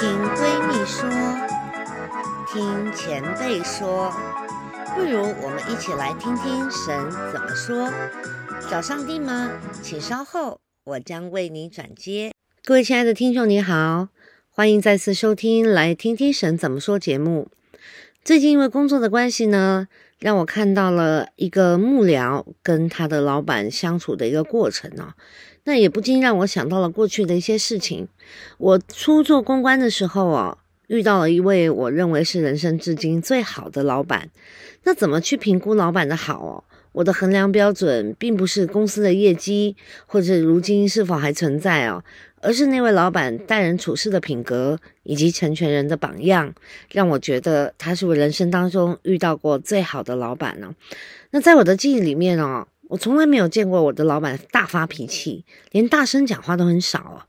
聽閨蜜說，聽前輩說，不如我們一起來聽聽神怎麼說。找上帝嗎？請稍後，我將為你轉接。各位親愛的聽眾，你好，歡迎再次收聽《來聽聽神怎麼說》節目。最近因為工作的關係呢，讓我看到了一個幕僚跟他的老闆相處的一個過程呢、啊。那也不禁讓我想到了過去的一些事情。我初做公關的時候啊，遇到了一位我認為是人生至今最好的老闆。那怎麼去評估老闆的好、啊？哦，我的衡量標準並不是公司的業績或者如今是否還存在哦、啊，而是那位老闆待人處事的品格以及成全人的榜樣，讓我覺得他是我人生當中遇到過最好的老闆呢、啊。那在我的記憶裡面哦、啊。我從來沒有見過我的老板大發脾氣，連大聲講話都很少啊。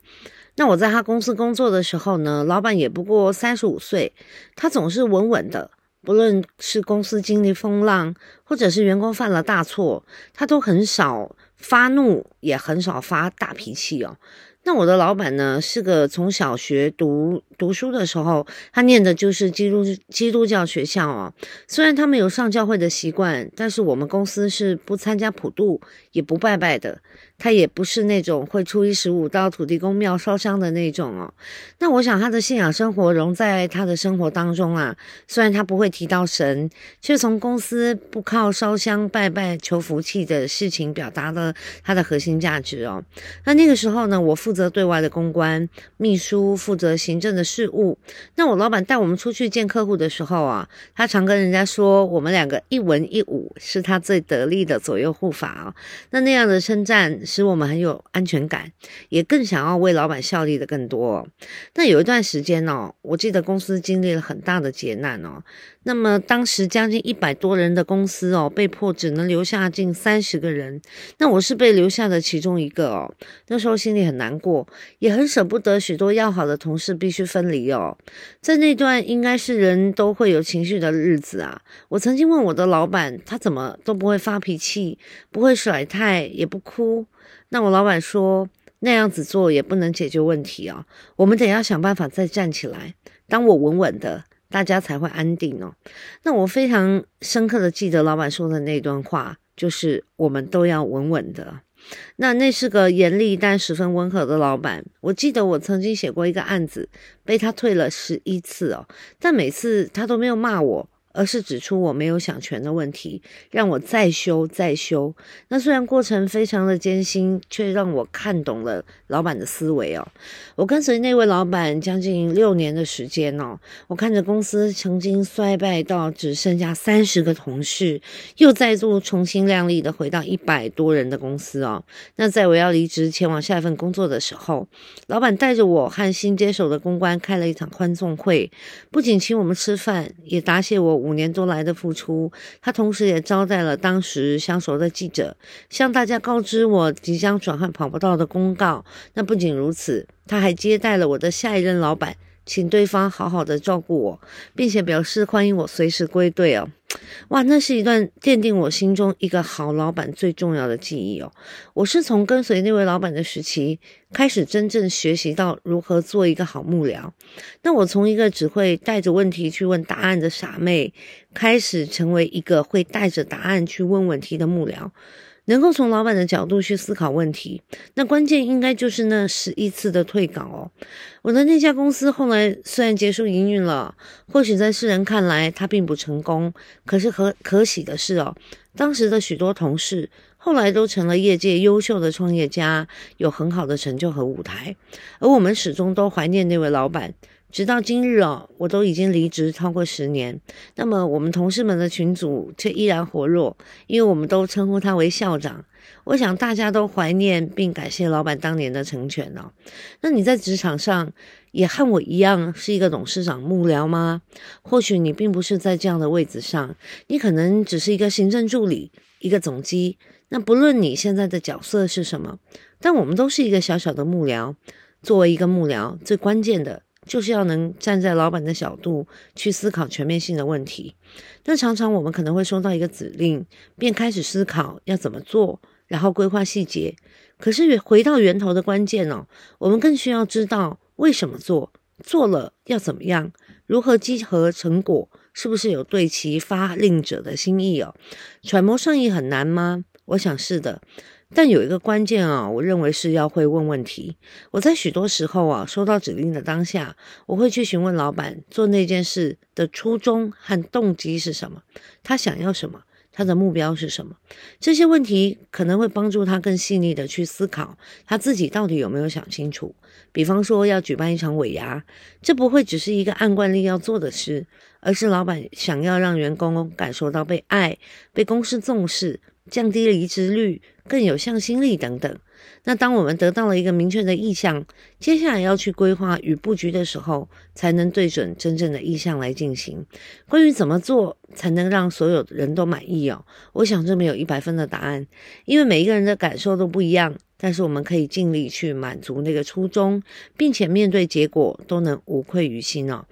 那我在他公司工作的時候呢，老板也不過三十五歲，他總是穩穩的。不論是公司經歷風浪，或者是員工犯了大錯，他都很少發怒，也很少發大脾氣哦。那我的老板呢，是個從小學讀。讀書的時候，他念的就是基督基督教學校哦。雖然他們有上教會的習慣，但是我們公司是不參加普渡也不拜拜的。他也不是那種會初一十五到土地公廟燒香的那種哦。那我想他的信仰生活融在他的生活當中啊。雖然他不會提到神，卻從公司不靠燒香拜拜求福氣的事情，表達了他的核心價值哦。那那個時候呢，我負責對外的公關，秘書負責行政的。事務，那我老闆帶我們出去見客戶的時候啊，他常跟人家說，我們兩個一文一武，是他最得力的左右護法啊。那那樣的稱讚使我們很有安全感，也更想要為老闆效力的更多。那有一段時間哦，我記得公司經歷了很大的劫難哦，那麼當時將近一百多人的公司哦，被迫只能留下近三十個人。那我是被留下的其中一個哦，那時候心裡很難過，也很捨不得許多要好的同事必須分離哦，在那段應該是人都會有情緒的日子啊，我曾經問我的老板，他怎麼都不會發脾氣，不會甩態，也不哭。那我老板說，那樣子做也不能解決問題啊、哦，我們得要想辦法再站起來。當我穩穩的，大家才會安定哦。那我非常深刻的記得老板說的那段話，就是我們都要穩穩的。那那是個嚴厲但十分溫和的老板，我記得我曾經寫過一個案子，被他退了十一次哦，但每次他都沒有罵我。而是指出我沒有想全的問題，讓我再修再修。那雖然過程非常的艱辛，卻讓我看懂了老板的思維哦。我跟隨那位老板將近六年的時間哦，我看着公司曾經衰敗到只剩下三十個同事，又再度重新亮麗的回到一百多人的公司哦。那在我要離職前往下一份工作的時候，老板帶着我和新接手的公關開了一場歡送會，不僅請我們吃飯，也答謝我。五年多來的付出，他同時也招待了當時相熟的記者，向大家告知我即將轉換跑道的公告。那不僅如此，他還接待了我的下一任老板。請對方好好的照顧我，並且表示歡迎我隨時歸隊哦，哇，那是一段奠定我心中一個好老闆最重要的記憶哦。我是從跟隨那位老闆的時期開始，真正學習到如何做一個好幕僚。那我從一個只會帶着問題去問答案的傻妹，開始成為一個會帶着答案去問問題的幕僚。能夠從老闆的角度去思考問題，那關鍵應該就是那十一次的退稿哦。我的那家公司後來雖然結束營運了，或許在世人看來它並不成功，可是可可喜的是哦，當時的許多同事後來都成了業界優秀的創業家，有很好的成就和舞台，而我們始終都懷念那位老闆。直到今日哦，我都已經離職超過十年，那麼我們同事們的群組卻依然活絡，因為我們都稱呼他為校長。我想大家都懷念並感謝老板當年的成全哦，那你在職場上也和我一樣是一個董事長幕僚嗎？或許你並不是在這樣的位置上，你可能只是一個行政助理、一個總機。那不論你現在的角色是什麼，但我們都是一個小小的幕僚。作為一個幕僚，最關鍵的。就是要能站在老闆的角度去思考全面性的問題。那常常我們可能會收到一個指令，便開始思考要怎麼做，然後規劃細節。可是回到源頭的關鍵哦，我們更需要知道為什麼做，做了要怎麼樣，如何稽核成果，是不是有對其發令者的心意哦？揣摩上意很難嗎？我想是的。但有一個關鍵啊，我認為是要會問問題。我在許多時候啊，收到指令的當下，我會去詢問老闆做那件事的初衷和動機是什麼，他想要什麼，他的目標是什麼。這些問題可能會幫助他更細膩的去思考他自己到底有沒有想清楚。比方說要舉辦一場尾牙，這不會只是一個按慣例要做的事，而是老闆想要讓員工感受到被愛、被公司重視。降低離職率，更有向心力等等。那當我們得到了一個明確的意向，接下來要去規劃與布局的時候，才能對準真正的意向來進行。關於怎麼做才能讓所有人都滿意哦？我想這沒有一百分的答案，因為每一個人的感受都不一樣。但是我們可以盡力去滿足那個初衷，並且面對結果都能無愧於心哦。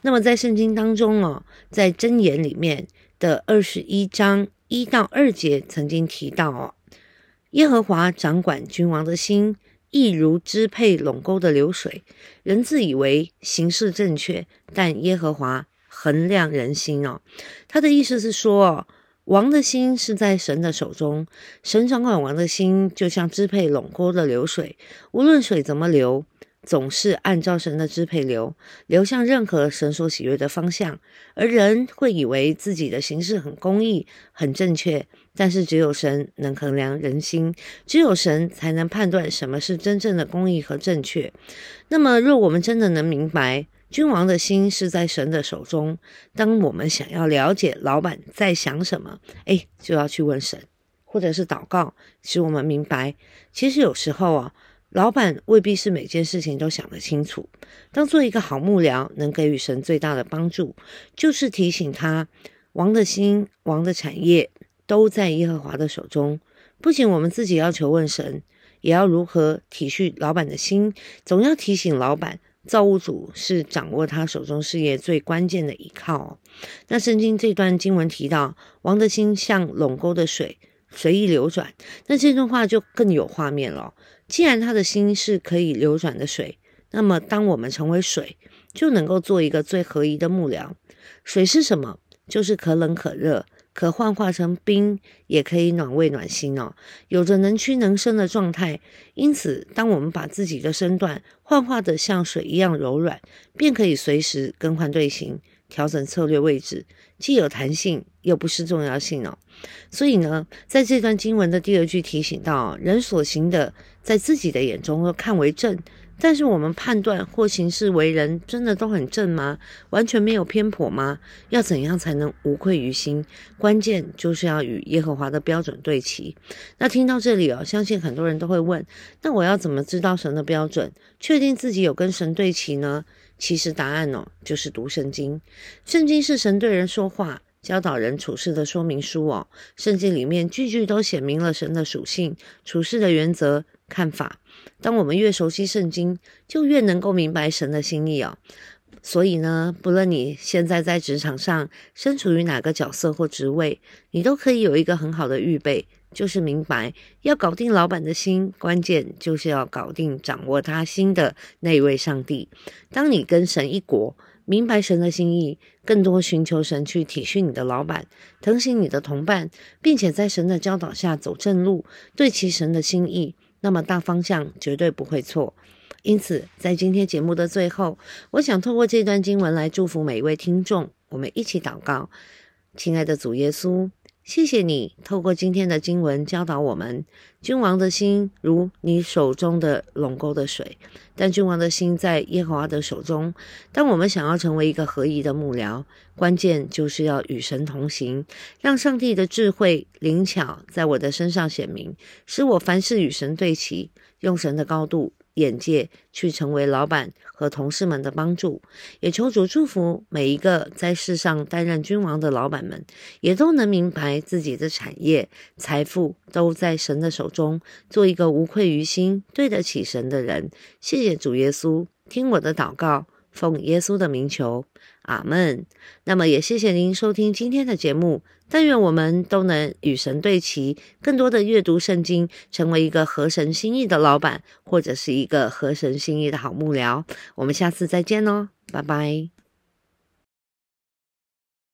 那麼在聖經當中哦，在箴言裡面的二十一章。一到二節曾經提到哦，耶和華掌管君王的心，一如支配隴溝的流水。人自以為行事正確，但耶和華衡量人心哦。他的意思是說，王的心是在神的手中，神掌管王的心，就像支配隴溝的流水，無論水怎麼流，總是按照神的支配流流向任何神所喜悅的方向，而人會以為自己的行事很公義、很正確。但是只有神能衡量人心，只有神才能判斷什麼是真正的公義和正確。那麼，若我們真的能明白君王的心是在神的手中，當我們想要了解老板在想什麼，哎，就要去問神，或者是禱告，使我們明白。其實有時候啊。老板未必是每件事情都想得清楚，當做一個好幕僚，能給予神最大的幫助，就是提醒他王的心、王的產業都在耶和華的手中。不僅我們自己要求問神，也要如何體恤老板的心，總要提醒老板，造物主是掌握他手中事業最關鍵的依靠哦。那聖經這段經文提到，王的心像隴溝的水，隨意流轉，那這段話就更有畫面了。既然他的心是可以流轉的水，那麼當我們成為水，就能夠做一個最合宜的幕僚。水是什麼？就是可冷可熱，可幻化成冰，也可以暖胃暖心哦。有着能屈能伸的狀態，因此，當我們把自己的身段幻化得像水一樣柔軟，便可以隨時更換隊形。調整策略位置，既有彈性，又不失重要性哦。所以呢，在這段經文的第二句提醒到，人所行的，在自己的眼中都看為正。但是我們判斷或行事為人，真的都很正嗎？完全沒有偏頗嗎？要怎樣才能無愧於心？關鍵就是要與耶和華的標準對齊。那聽到這裡哦，相信很多人都會問：那我要怎麼知道神的標準，確定自己有跟神對齊呢？其實答案哦，就是讀聖經。聖經是神對人說話、教導人處事的說明書哦，聖經裡面句句都寫明了神的屬性、處事的原則、看法。當我們越熟悉聖經，就越能夠明白神的心意哦。所以呢，不論你現在在職場上身處於哪個角色或職位，你都可以有一個很好的預備，就是明白要搞定老闆的心，關鍵就是要搞定掌握他心的那位上帝。當你跟神一國，明白神的心意，更多尋求神去體恤你的老闆，疼惜你的同伴，並且在神的教導下走正路，對齊神的心意，那麼大方向絕對不會錯，因此在今天節目的最後，我想通過這段經文來祝福每一位聽眾，我們一起禱告，親愛的主耶穌。謝謝你，透過今天的經文教導我們，君王的心如你手中的壟溝的水，但君王的心在耶和華的手中。當我們想要成為一個合一的幕僚，關鍵就是要與神同行，讓上帝的智慧靈巧在我的身上顯明，使我凡事與神對齊，用神的高度。眼界去成為老闆和同事們的幫助，也求主祝福每一個在世上擔任君王的老闆們，也都能明白自己的產業財富都在神的手中，做一個無愧於心、對得起神的人。謝謝主耶穌，聽我的禱告。奉耶穌的名求，阿門。那麼也謝謝您收聽今天的節目。但願我們都能與神對齊，更多的閱讀聖經，成為一個合神心意的老板，或者是一個合神心意的好幕僚。我們下次再見嘍，拜拜。